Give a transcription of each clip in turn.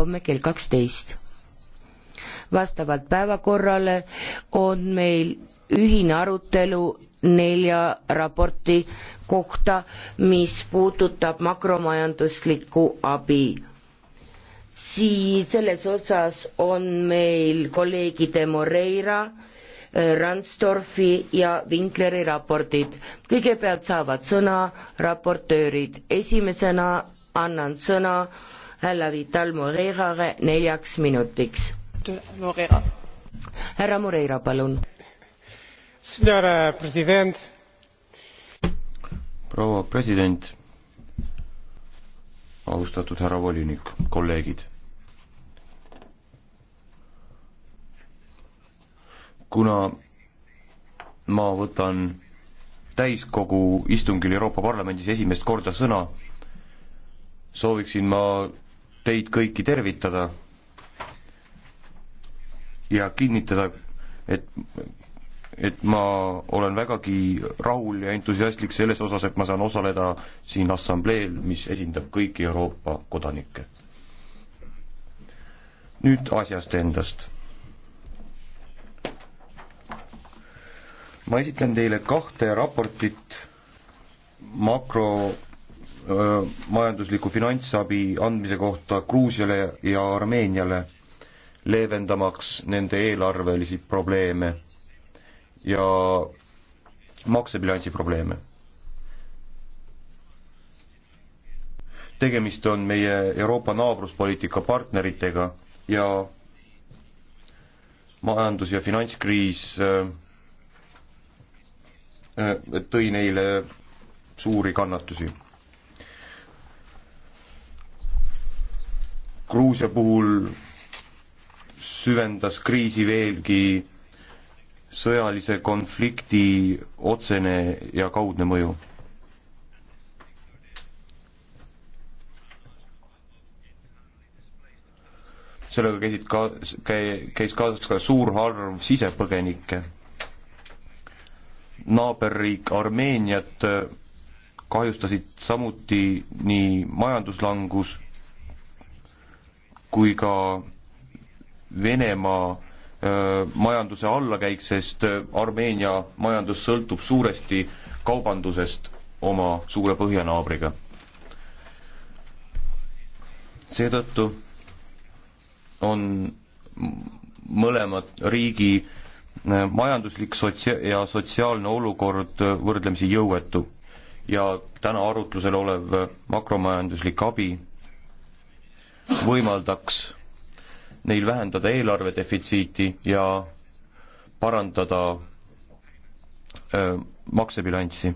homme kell kaksteist. vastavalt päevakorrale on meil ühine arutelu nelja raporti kohta, mis puudutab makromajanduslikku abi. siis selles osas on meil kolleegide Moreira, äh, Randstorfi ja Winkleri raportid. kõigepealt saavad sõna raportöörid, esimesena annan sõna härra Vital Moreirale neljaks minutiks. härra Moreira, palun. proua president, austatud härra volinik, kolleegid. kuna ma võtan täiskogu istungil Euroopa Parlamendis esimest korda sõna, sooviksin ma teid kõiki tervitada ja kinnitada, et, et ma olen vägagi rahul ja entusiastlik selles osas, et ma saan osaleda siin assambleel, mis esindab kõiki Euroopa kodanikke. nüüd asjast endast. ma esitlen teile kahte raportit makro Äh, majandusliku finantsabi andmise kohta Gruusiale ja Armeeniale, leevendamaks nende eelarvelisi probleeme ja maksebilansi probleeme. tegemist on meie Euroopa naabruspoliitika partneritega ja majandus- ja finantskriis äh, äh, tõi neile suuri kannatusi Gruusia puhul süvendas kriisi veelgi sõjalise konflikti otsene ja kaudne mõju. sellega käisid ka, käi-, käis kaasas ka suur arv sisepõgenikke. naaberriik Armeeniat kahjustasid samuti nii majanduslangus kui ka Venemaa majanduse allakäik, sest Armeenia majandus sõltub suuresti kaubandusest oma suure põhjanaabriga. seetõttu on mõlemad riigi majanduslik sotsia- ja sotsiaalne olukord võrdlemisi jõuetu ja täna arutlusel olev makromajanduslik abi võimaldaks neil vähendada eelarve defitsiiti ja parandada öö, maksebilanssi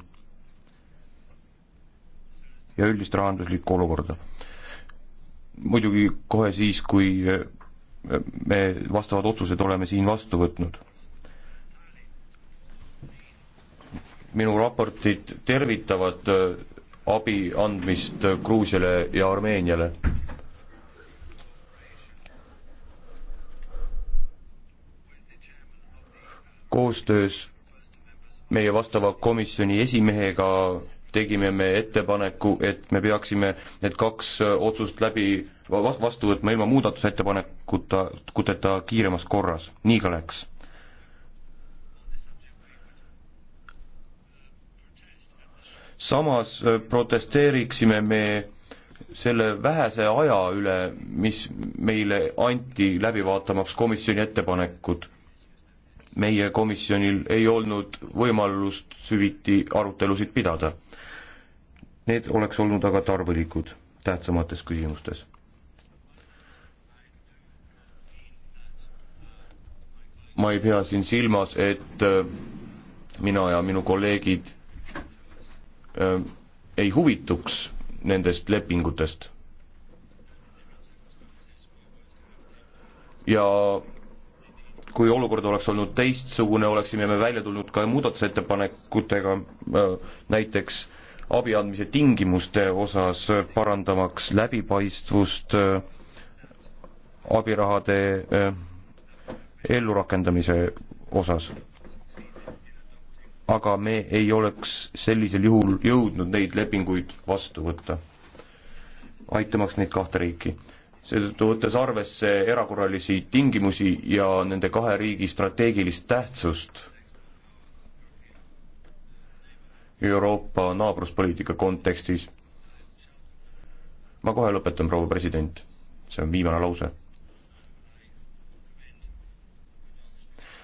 ja üldist rahanduslikku olukorda. muidugi kohe siis, kui me vastavad otsused oleme siin vastu võtnud. minu raportid tervitavad abi andmist Gruusiale ja Armeeniale koostöös meie vastava komisjoni esimehega tegime me ettepaneku, et me peaksime need kaks otsust läbi vastu võtma ilma muudatusettepanekuta, kuteta kiiremas korras, nii ka läks. samas äh, protesteeriksime me selle vähese aja üle, mis meile anti läbi vaatamaks komisjoni ettepanekud meie komisjonil ei olnud võimalust süviti arutelusid pidada. Need oleks olnud aga tarvilikud tähtsamates küsimustes. ma ei pea siin silmas, et äh, mina ja minu kolleegid äh, ei huvituks nendest lepingutest. ja kui olukord oleks olnud teistsugune, oleksime me välja tulnud ka muudatusettepanekutega, äh, näiteks abi andmise tingimuste osas, parandamaks läbipaistvust äh, abirahade äh, ellurakendamise osas. aga me ei oleks sellisel juhul jõudnud neid lepinguid vastu võtta, aitamaks neid kahte riiki seetõttu võttes arvesse erakorralisi tingimusi ja nende kahe riigi strateegilist tähtsust Euroopa naabruspoliitika kontekstis. ma kohe lõpetan, proua president, see on viimane lause.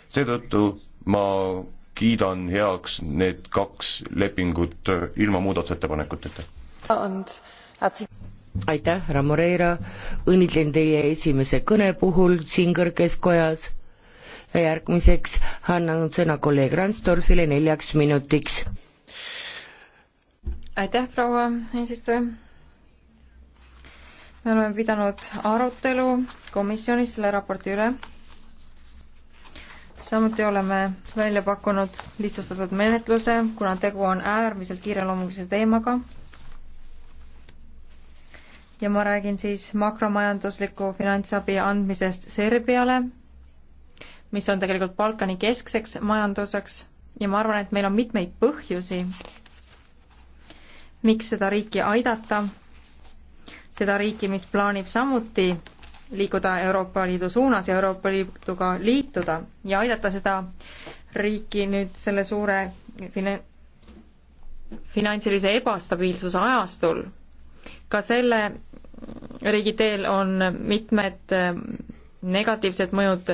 seetõttu ma kiidan heaks need kaks lepingut ilma muudatusettepanekuteta aitäh, härra Moreira, õnnitlen teie esimese kõne puhul siin kõrges kojas. järgmiseks annan sõna kolleeg Randstorfile neljaks minutiks. aitäh, proua eesistuja. me oleme pidanud arutelu komisjonis selle raporti üle. samuti oleme välja pakkunud lihtsustatud menetluse, kuna tegu on äärmiselt kiireloomulise teemaga ja ma räägin siis makromajandusliku finantsabi andmisest Serbiale, mis on tegelikult Balkani keskseks majanduseks ja ma arvan, et meil on mitmeid põhjusi, miks seda riiki aidata, seda riiki, mis plaanib samuti liikuda Euroopa Liidu suunas ja Euroopa Liiduga liituda ja aidata seda riiki nüüd selle suure fina-, finantsilise ebastabiilsuse ajastul. ka selle riigi teel on mitmed äh, negatiivsed mõjud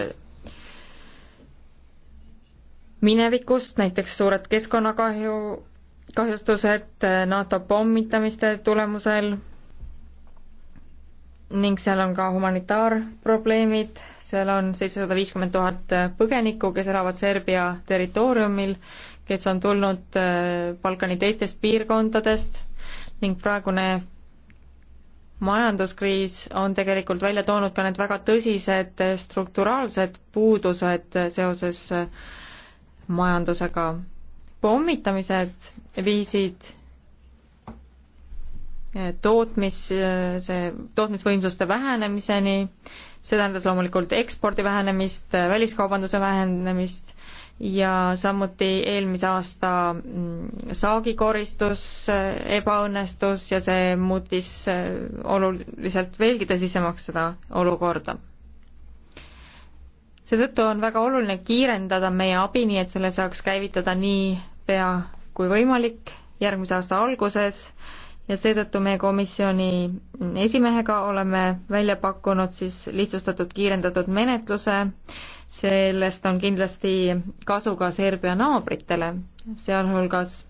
minevikust, näiteks suured keskkonnakahju, kahjustused äh, NATO pommitamiste tulemusel ning seal on ka humanitaarprobleemid, seal on seitsesada viiskümmend tuhat äh, põgenikku, kes elavad Serbia territooriumil, kes on tulnud Balkani teistest piirkondadest ning praegune majanduskriis on tegelikult välja toonud ka need väga tõsised strukturaalsed puudused seoses majandusega. pommitamised viisid tootmis, see tootmisvõimsuste vähenemiseni, see tähendas loomulikult ekspordi vähenemist, väliskaubanduse vähenemist ja samuti eelmise aasta mm, saagikoristus ebaõnnestus ja see muutis äh, oluliselt veelgi tõsisemaks seda olukorda. seetõttu on väga oluline kiirendada meie abi, nii et selle saaks käivitada nii pea kui võimalik järgmise aasta alguses ja seetõttu meie komisjoni mm, esimehega oleme välja pakkunud siis lihtsustatud kiirendatud menetluse, sellest on kindlasti kasu ka Serbia naabritele, sealhulgas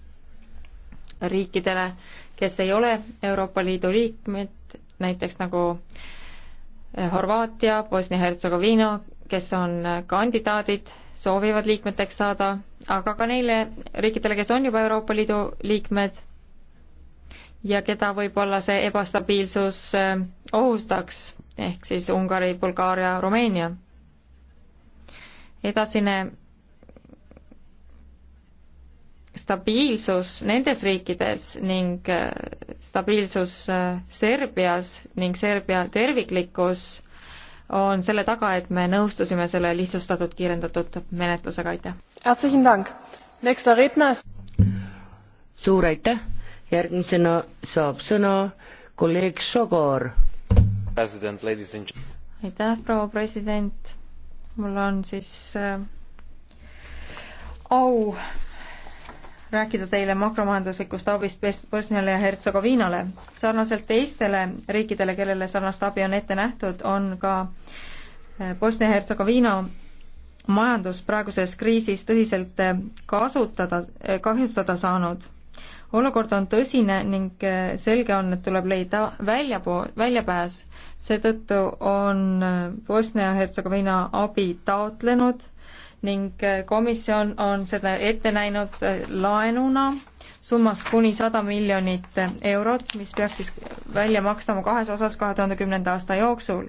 riikidele, kes ei ole Euroopa Liidu liikmed, näiteks nagu eh, Horvaatia, Bosnia-Hertsegoviina, kes on eh, kandidaadid, soovivad liikmeteks saada, aga ka neile riikidele, kes on juba Euroopa Liidu liikmed ja keda võib-olla see ebastabiilsus eh, ohustaks, ehk siis Ungari, Bulgaaria, Rumeenia edasine stabiilsus nendes riikides ning äh, stabiilsus äh, Serbias ning Serbia terviklikkus on selle taga, et me nõustusime selle lihtsustatud kiirendatud menetlusega, aitäh! suur aitäh, järgmisena saab sõna kolleeg Šogor. aitäh, proua president! mul on siis äh, au rääkida teile makromajanduslikust abist Bosniale ja Hertsegoviinale. sarnaselt teistele riikidele, kellele sarnast abi on ette nähtud, on ka äh, Bosnia ja Hertsegoviina majandus praeguses kriisis tõsiselt äh, kasutada, äh, kahjustada saanud olukord on tõsine ning äh, selge on, et tuleb leida väljapoo-, väljapääs. seetõttu on äh, Bosnia-Hertsegoviina abi taotlenud ning äh, komisjon on seda ette näinud laenuna summas kuni sada miljonit eurot, mis peaks siis välja makstama kahes osas kahe tuhande kümnenda aasta jooksul.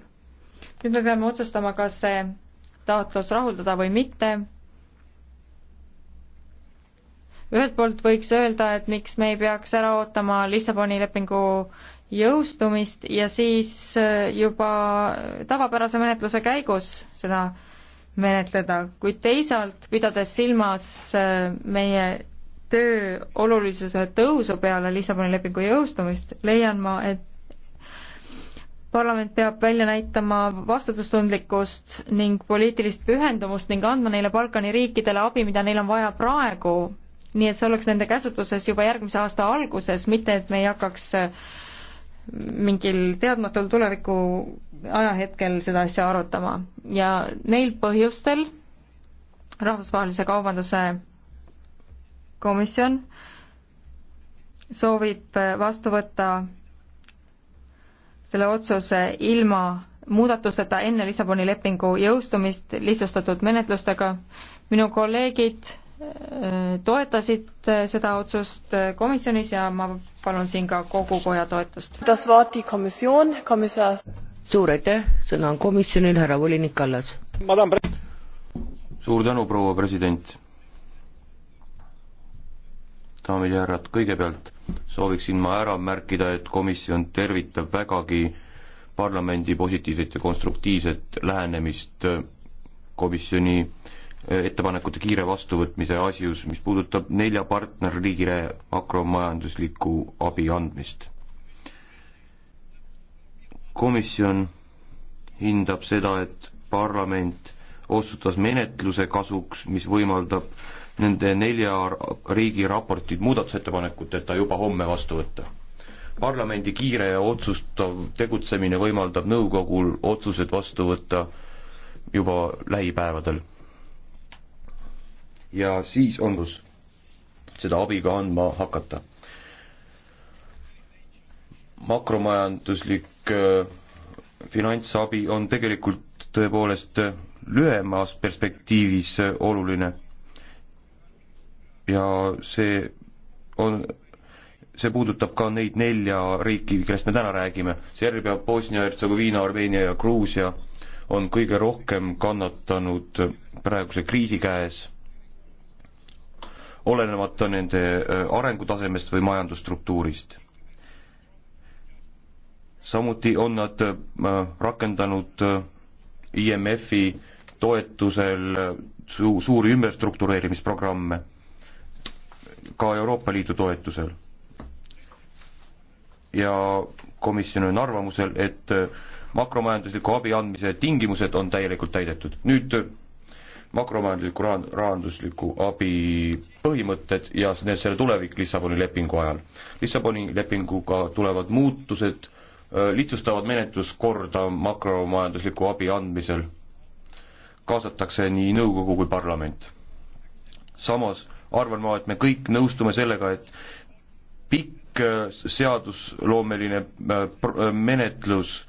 nüüd me peame otsustama, kas see taotlus rahuldada või mitte ühelt poolt võiks öelda, et miks me ei peaks ära ootama Lissaboni lepingu jõustumist ja siis äh, juba tavapärase menetluse käigus seda menetleda, kuid teisalt, pidades silmas äh, meie töö olulisuse tõusu peale Lissaboni lepingu jõustumist, leian ma, et parlament peab välja näitama vastutustundlikkust ning poliitilist pühendumust ning andma neile Balkani riikidele abi, mida neil on vaja praegu nii et see oleks nende käsutuses juba järgmise aasta alguses, mitte et me ei hakkaks äh, mingil teadmatul tuleviku ajahetkel seda asja arutama ja neil põhjustel rahvusvahelise kaubanduse komisjon soovib äh, vastu võtta selle otsuse ilma muudatusteta enne Lissaboni lepingu jõustumist lihtsustatud menetlustega. minu kolleegid toetasid äh, seda otsust äh, komisjonis ja ma palun siin ka kogu koja toetust. suur aitäh, sõna on komisjonil, härra volinik Kallas. suur tänu, proua president. daamid ja härrad, kõigepealt sooviksin ma ära märkida, et komisjon tervitab vägagi parlamendi positiivset ja konstruktiivset lähenemist komisjoni ettepanekute kiire vastuvõtmise asjus, mis puudutab nelja partnerriigile makromajanduslikku abi andmist. komisjon hindab seda, et parlament otsustas menetluse kasuks, mis võimaldab nende nelja riigi raportid muudatusettepanekuteta juba homme vastu võtta. parlamendi kiire ja otsustav tegutsemine võimaldab nõukogul otsused vastu võtta juba lähipäevadel ja siis on, kus seda abi ka andma hakata. makromajanduslik äh, finantsabi on tegelikult tõepoolest lühemas perspektiivis oluline ja see on, see puudutab ka neid nelja riiki, kellest me täna räägime, Serbia, Bosnia-Hertsegoviina, Armeenia ja Gruusia on kõige rohkem kannatanud praeguse kriisi käes olenemata nende äh, arengutasemest või majandusstruktuurist. samuti on nad äh, rakendanud äh, IMF-i toetusel su-, suuri ümberstruktureerimisprogramme, ka Euroopa Liidu toetusel. ja komisjon on arvamusel, et makromajandusliku abi andmise tingimused on täielikult täidetud. nüüd makromajandusliku rahan-, rahandusliku abi põhimõtted ja need, selle tulevik Lissaboni lepingu ajal. Lissaboni lepinguga tulevad muutused lihtsustavad menetluskorda makromajandusliku abi andmisel, kaasatakse nii nõukogu kui parlament. samas arvan ma, et me kõik nõustume sellega, et pikk seadusloomeline menetlus,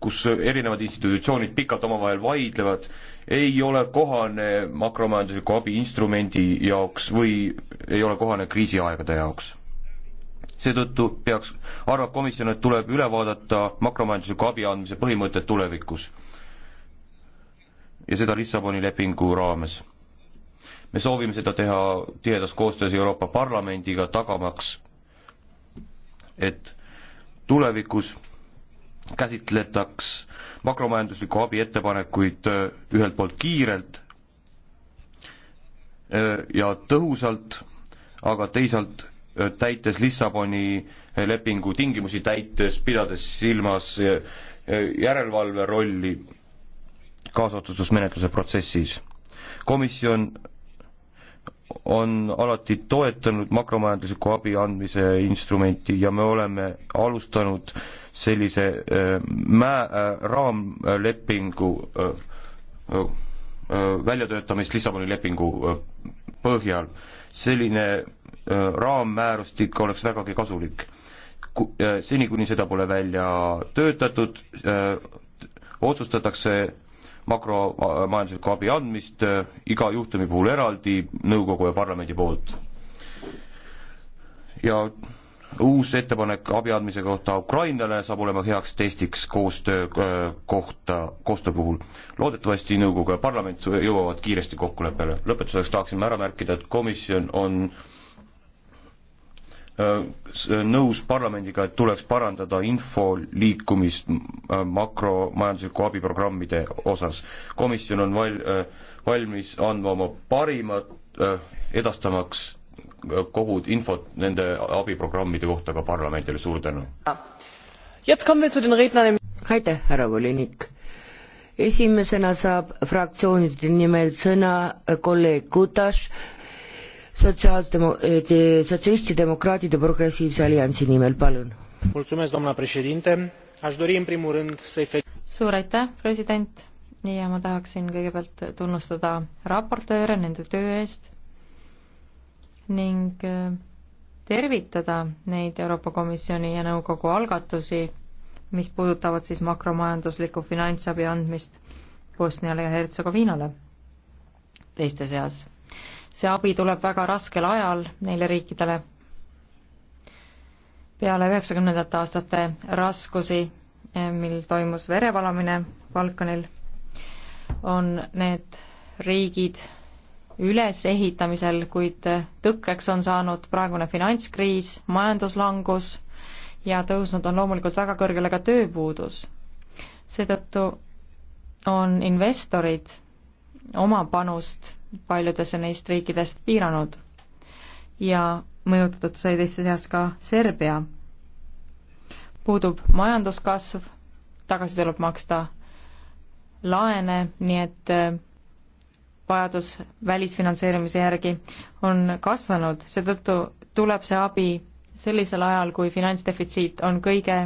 kus erinevad institutsioonid pikalt omavahel vaidlevad, ei ole kohane makromajandusliku abi instrumendi jaoks või ei ole kohane kriisiaegade jaoks. seetõttu peaks, arvab komisjon, et tuleb üle vaadata makromajandusliku abi andmise põhimõtted tulevikus. ja seda Lissaboni lepingu raames. me soovime seda teha tihedas koostöös Euroopa Parlamendiga, tagamaks, et tulevikus käsitletaks makromajandusliku abi ettepanekuid äh, ühelt poolt kiirelt äh, ja tõhusalt, aga teisalt äh, täites Lissaboni lepingu tingimusi, täites, pidades silmas järelevalve rolli kaasotsustusmenetluse protsessis. komisjon on alati toetanud makromajandusliku abi andmise instrumenti ja me oleme alustanud äh, sellise äh, mä-, äh, raamlepingu äh, väljatöötamist Lissaboni lepingu põhjal. selline raammäärustik oleks vägagi kasulik. seni, kuni seda pole välja töötatud, otsustatakse makromajanduslikku abi andmist iga juhtumi puhul eraldi nõukogu ja parlamendi poolt. ja uus ettepanek abi andmise kohta Ukrainale saab olema heaks testiks koostöö äh, kohta, koostöö puhul. loodetavasti nõukogu ja parlament jõuavad kiiresti kokkuleppele. lõpetuseks tahaksime ära märkida, et komisjon on äh, nõus parlamendiga, et tuleks parandada info liikumist äh, makromajandusliku abiprogrammide osas. komisjon on val-, valmis andma oma parimat, edastamaks kogud infot nende abiprogrammide kohta ka parlamendile, suur tänu. aitäh, härra volinik. esimesena saab fraktsioonide nimel sõna kolleeg Kutaš, sotsiaaldemo-, eh, sotsialistidemokraatide progressiivse alliansi nimel, palun. suur aitäh, president ja ma tahaksin kõigepealt tunnustada raportööre nende töö eest ning äh, tervitada neid Euroopa Komisjoni ja nõukogu algatusi, mis puudutavad siis makromajanduslikku finantsabi andmist Bosniale ja Hertsegoviinale teiste seas. see abi tuleb väga raskel ajal neile riikidele. peale üheksakümnendate aastate raskusi, eh, mil toimus verevalamine Balkanil, on need riigid ülesehitamisel, kuid tõkkeks on saanud praegune finantskriis, majanduslangus ja tõusnud on loomulikult väga kõrgele ka tööpuudus. seetõttu on investorid oma panust paljudesse neist riikidest piiranud ja mõjutatud sai teiste seas ka Serbia. puudub majanduskasv, tagasi tuleb maksta laene, nii et vajadus välisfinantseerimise järgi on kasvanud, seetõttu tuleb see abi sellisel ajal, kui finantsdefitsiit on kõige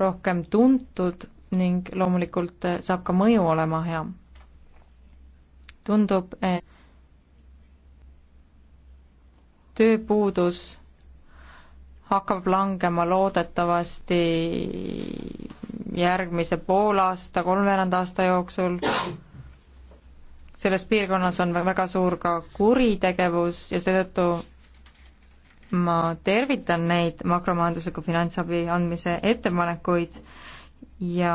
rohkem tuntud ning loomulikult saab ka mõju olema hea. tundub, et tööpuudus hakkab langema loodetavasti järgmise poolaasta, kolmveerand aasta jooksul selles piirkonnas on väga suur ka kuritegevus ja seetõttu ma tervitan neid makromajandusliku finantsabi andmise ettepanekuid ja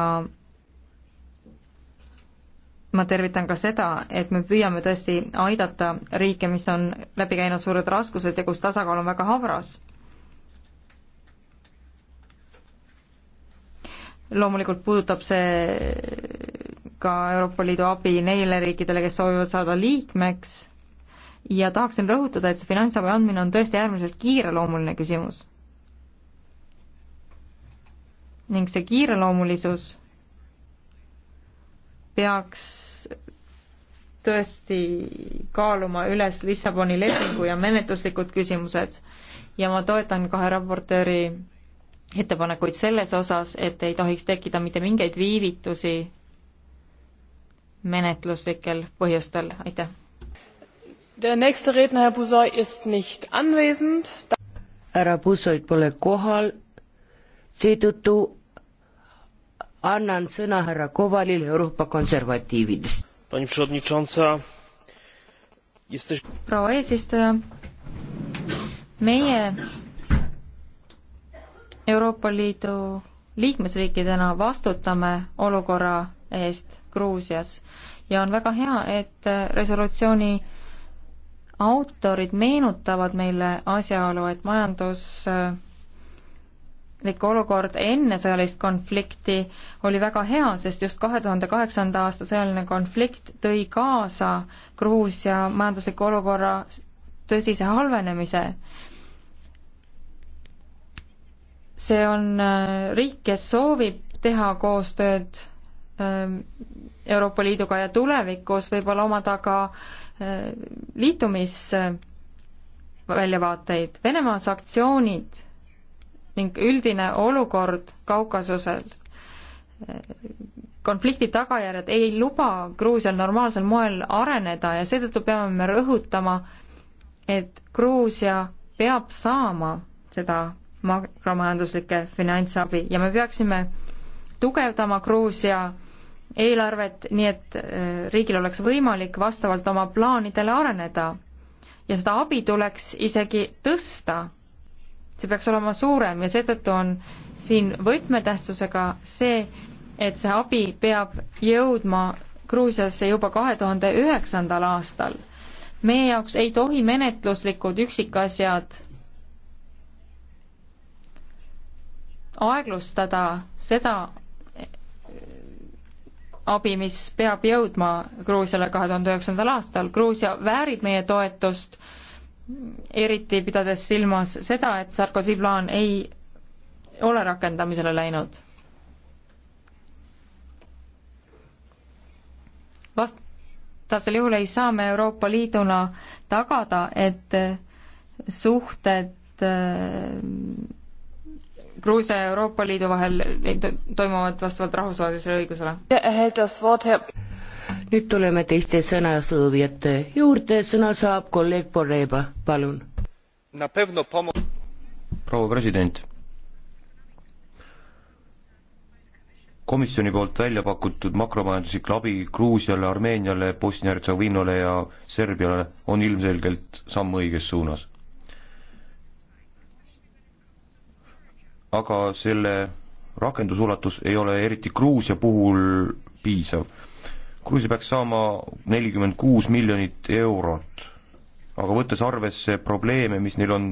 ma tervitan ka seda, et me püüame tõesti aidata riike, mis on läbi käinud suured raskused ja kus tasakaal on väga habras. loomulikult puudutab see ka Euroopa Liidu abi neile riikidele, kes soovivad saada liikmeks ja tahaksin rõhutada, et see finantsabi andmine on tõesti äärmiselt kiireloomuline küsimus. ning see kiireloomulisus peaks tõesti kaaluma üles Lissaboni lepingu ja menetluslikud küsimused ja ma toetan kahe raportööri ettepanekuid selles osas, et ei tohiks tekkida mitte mingeid viivitusi menetluslikel põhjustel, aitäh. härra Pusoid pole kohal, seetõttu annan sõna härra Kovalile Euroopa konservatiividest. proua eesistuja, meie Euroopa Liidu liikmesriikidena vastutame olukorra eest Gruusias. ja on väga hea, et äh, resolutsiooni autorid meenutavad meile asjaolu, et majanduslik äh, olukord enne sõjalist konflikti oli väga hea, sest just kahe tuhande kaheksanda aasta sõjaline konflikt tõi kaasa Gruusia majandusliku olukorra tõsise halvenemise see on äh, riik, kes soovib teha koostööd Ähm, Euroopa Liiduga ja tulevikus võib-olla omada ka äh, liitumisväljavaateid. Äh, Venemaa sanktsioonid ning üldine olukord Kaukasusel, äh, konflikti tagajärjed ei luba Gruusial normaalsel moel areneda ja seetõttu peame me rõhutama, et Gruusia peab saama seda makromajanduslikke finantsabi ja me peaksime tugevdama Gruusia eelarvet, nii et äh, riigil oleks võimalik vastavalt oma plaanidele areneda. ja seda abi tuleks isegi tõsta. see peaks olema suurem ja seetõttu on siin võtmetähtsusega see, et see abi peab jõudma Gruusiasse juba kahe tuhande üheksandal aastal. meie jaoks ei tohi menetluslikud üksikasjad aeglustada seda abi, mis peab jõudma Gruusiale kahe tuhande üheksandal aastal. Gruusia väärib meie toetust, eriti pidades silmas seda, et Sarkozy plaan ei ole rakendamisele läinud. vastasel juhul ei saa me Euroopa Liiduna tagada, et suhted Gruusia ja Euroopa Liidu vahel toimuvad vastavalt rahvusvahelisele õigusele. nüüd tuleme teiste sõnasoovijate juurde, sõna saab kolleeg Poreba, palun. proua president. komisjoni poolt välja pakutud makromajanduslik abi Gruusiale, Armeeniale, Bosnia-Hertsegoviinale ja Serbiale on ilmselgelt samm õiges suunas aga selle rakendusulatus ei ole eriti Gruusia puhul piisav. Gruusia peaks saama nelikümmend kuus miljonit eurot, aga võttes arvesse probleeme, mis neil on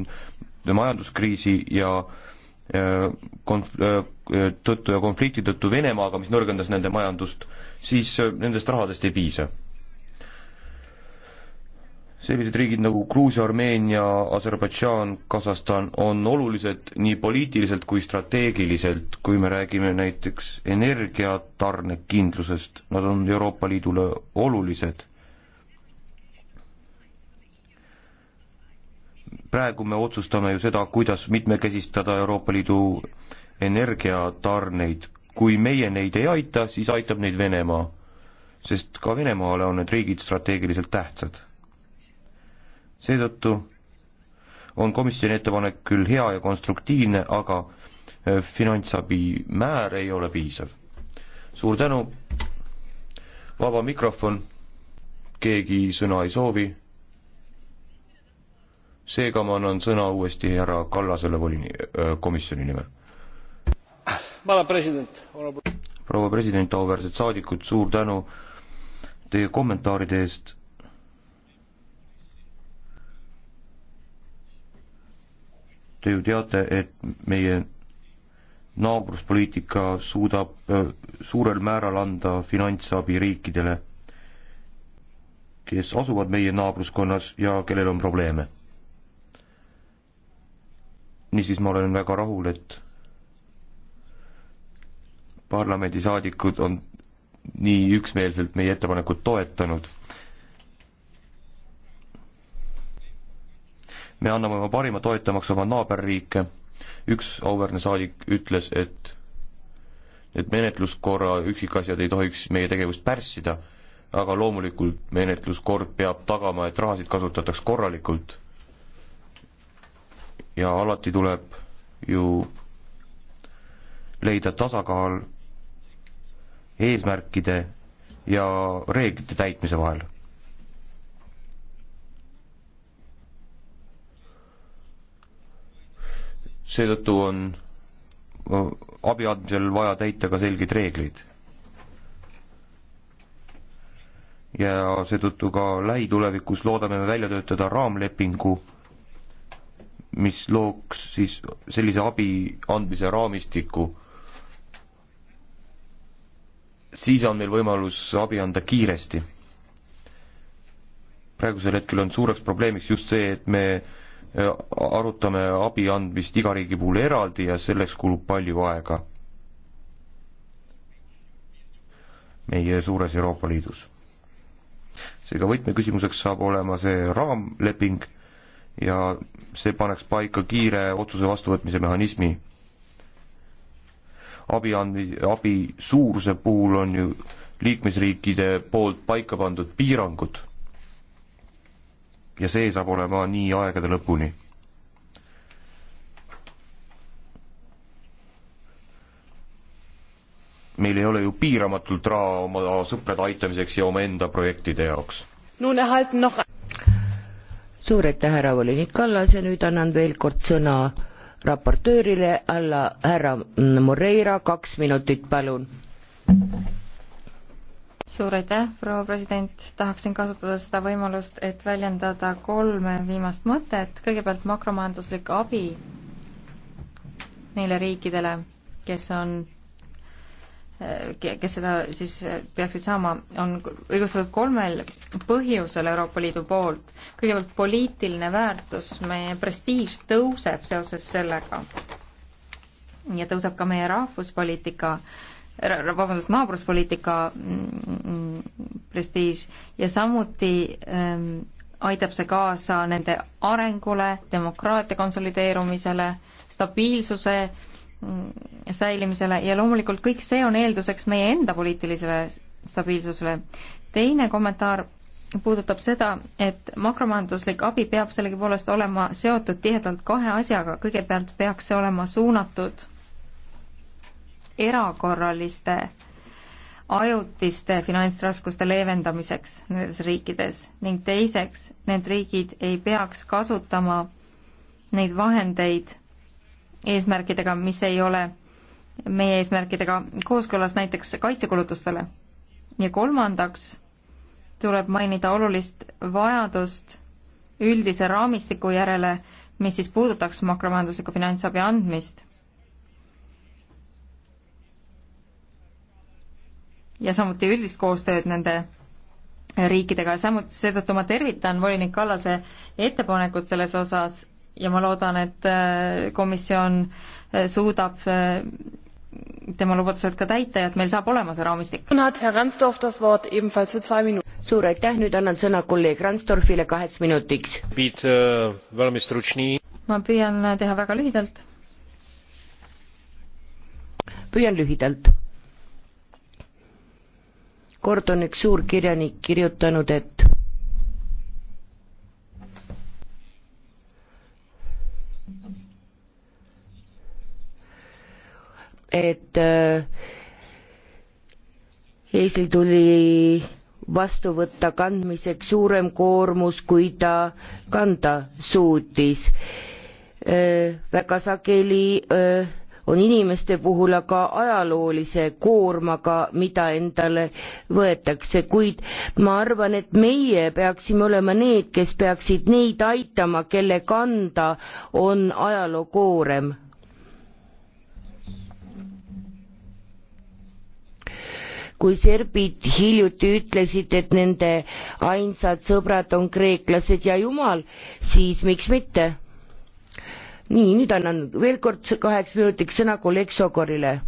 majanduskriisi ja äh, konf-, äh, tõttu ja konflikti tõttu Venemaaga, mis nõrgendas nende majandust, siis äh, nendest rahadest ei piisa sellised riigid nagu Gruusia, Armeenia, Aserbaidžaan, Kasahstan on olulised nii poliitiliselt kui strateegiliselt, kui me räägime näiteks energiatarnekindlusest, nad on Euroopa Liidule olulised. praegu me otsustame ju seda, kuidas mitmekesistada Euroopa Liidu energiatarneid, kui meie neid ei aita, siis aitab neid Venemaa, sest ka Venemaale on need riigid strateegiliselt tähtsad seetõttu on komisjoni ettepanek küll hea ja konstruktiivne, aga äh, finantsabi määr ei ole piisav. suur tänu, vaba mikrofon, keegi sõna ei soovi, seega ma annan sõna uuesti härra Kallasele volini-, äh, komisjoni nimel. proua president, auväärsed saadikud, suur tänu teie kommentaaride eest Te ju teate, et meie naabruspoliitika suudab äh, suurel määral anda finantsabi riikidele, kes asuvad meie naabruskonnas ja kellel on probleeme. niisiis ma olen väga rahul, et parlamendisaadikud on nii üksmeelselt meie ettepanekut toetanud me anname oma parima toetamaks oma naaberriike. üks auväärne saadik ütles, et et menetluskorra üksikasjad ei tohiks meie tegevust pärssida, aga loomulikult menetluskord peab tagama, et rahasid kasutataks korralikult. ja alati tuleb ju leida tasakaal eesmärkide ja reeglite täitmise vahel seetõttu on abi andmisel vaja täita ka selged reeglid. ja seetõttu ka lähitulevikus loodame me välja töötada raamlepingu, mis looks siis sellise abi andmise raamistiku. siis on meil võimalus abi anda kiiresti. praegusel hetkel on suureks probleemiks just see, et me arutame abi andmist iga riigi puhul eraldi ja selleks kulub palju aega meie suures Euroopa Liidus. seega võtmeküsimuseks saab olema see raamleping ja see paneks paika kiire otsuse vastuvõtmise mehhanismi. abi andmi, abi suuruse puhul on ju liikmesriikide poolt paika pandud piirangud ja see saab olema nii aegade lõpuni. meil ei ole ju piiramatult raha oma sõprade aitamiseks ja omaenda projektide jaoks. suur aitäh, härra volinik Kallas ja nüüd annan veel kord sõna raportöörile alla härra Moreira, kaks minutit, palun suur aitäh, proua president, tahaksin kasutada seda võimalust, et väljendada kolme viimast mõtet, kõigepealt makromajanduslik abi neile riikidele, kes on, kes seda siis peaksid saama, on õigustatud kolmel põhjusel Euroopa Liidu poolt. kõigepealt poliitiline väärtus, meie prestiiž tõuseb seoses sellega ja tõuseb ka meie rahvuspoliitika äh, vabandust, naabruspoliitika mm, mm, prestiiž ja samuti ähm, aitab see kaasa nende arengule, demokraatia konsolideerumisele, stabiilsuse mm, säilimisele ja loomulikult kõik see on eelduseks meie enda poliitilisele stabiilsusele. teine kommentaar puudutab seda, et makromajanduslik abi peab sellegipoolest olema seotud tihedalt kahe asjaga, kõigepealt peaks see olema suunatud erakorraliste ajutiste finantsraskuste leevendamiseks nendes riikides ning teiseks, need riigid ei peaks kasutama neid vahendeid eesmärkidega, mis ei ole meie eesmärkidega kooskõlas näiteks kaitsekulutustele. ja kolmandaks tuleb mainida olulist vajadust üldise raamistiku järele, mis siis puudutaks makromajandusliku finantsabi andmist ja samuti üldist koostööd nende riikidega, samuti seetõttu ma tervitan volinik Kallase ettepanekut selles osas ja ma loodan, et äh, komisjon äh, suudab äh, tema lubadused ka täita ja et meil saab olema see raamistik. suur aitäh, nüüd annan sõna kolleeg Randstorfile kaheks minutiks. ma püüan teha väga lühidalt. püüan lühidalt kord on üks suur kirjanik kirjutanud, et et äh, Eestil tuli vastu võtta kandmiseks suurem koormus, kui ta kanda suutis äh,. väga sageli äh, on inimeste puhul aga ajaloolise koormaga, mida endale võetakse, kuid ma arvan, et meie peaksime olema need, kes peaksid neid aitama, kelle kanda on ajaloo koorem kui serbid hiljuti ütlesid, et nende ainsad sõbrad on kreeklased ja jumal, siis miks mitte? nii, nüüd annan veel kord kaheks minutiks sõna kolleeg Sokorile.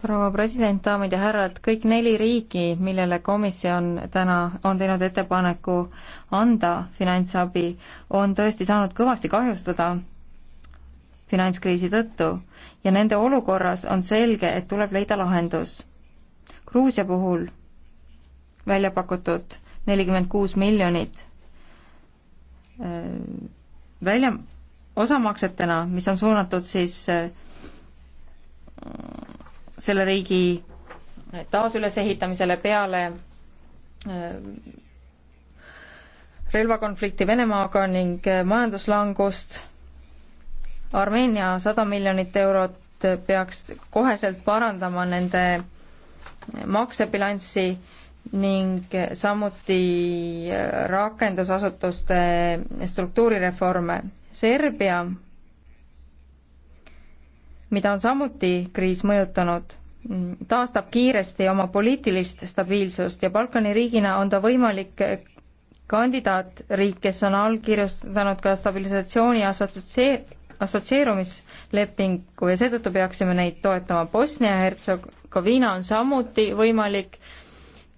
proua president, daamid ja härrad, kõik neli riiki, millele komisjon täna on teinud ettepaneku anda finantsabi, on tõesti saanud kõvasti kahjustada finantskriisi tõttu ja nende olukorras on selge, et tuleb leida lahendus. Gruusia puhul välja pakutud nelikümmend kuus miljonit äh, välja osamaksetena, mis on suunatud siis äh, selle riigi taasülesehitamisele peale äh, relvakonflikti Venemaaga ning äh, majanduslangust. Armeenia sada miljonit eurot peaks koheselt parandama nende maksebilanssi ning samuti rakendusasutuste struktuurireforme. Serbia, mida on samuti kriis mõjutanud, taastab kiiresti oma poliitilist stabiilsust ja Balkani riigina on ta võimalik kandidaatriik, kes on allkirjastanud ka stabilisatsiooni assotsieer-, assotsieerumislepingu ja seetõttu peaksime neid toetama. Bosnia-Hertsegoviina on samuti võimalik äh,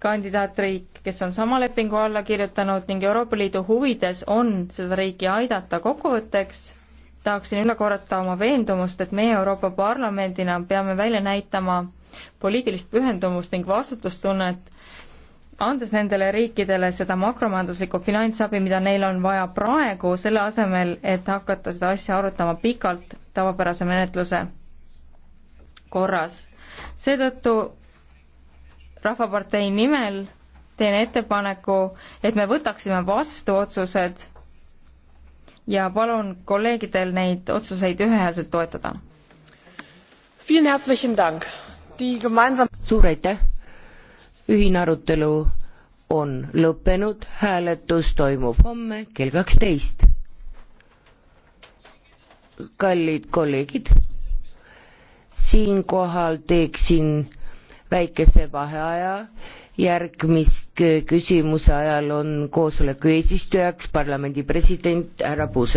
kandidaatriik, kes on sama lepingu alla kirjutanud ning Euroopa Liidu huvides on seda riiki aidata. kokkuvõtteks tahaksin üle korrata oma veendumust, et meie Euroopa Parlamendina peame välja näitama poliitilist pühendumust ning vastutustunnet, andes nendele riikidele seda makromajanduslikku finantsabi, mida neil on vaja praegu, selle asemel, et hakata seda asja arutama pikalt tavapärase menetluse korras. seetõttu Rahvapartei nimel teen ettepaneku, et me võtaksime vastu otsused ja palun kolleegidel neid otsuseid ühehäälselt toetada. suur aitäh, ühine arutelu on lõppenud, hääletus toimub homme kell kaksteist. kallid kolleegid, siinkohal teeksin väikese vaheaja, järgmist äh, küsimuse ajal on koosoleku eesistujaks parlamendi president härra Puusek.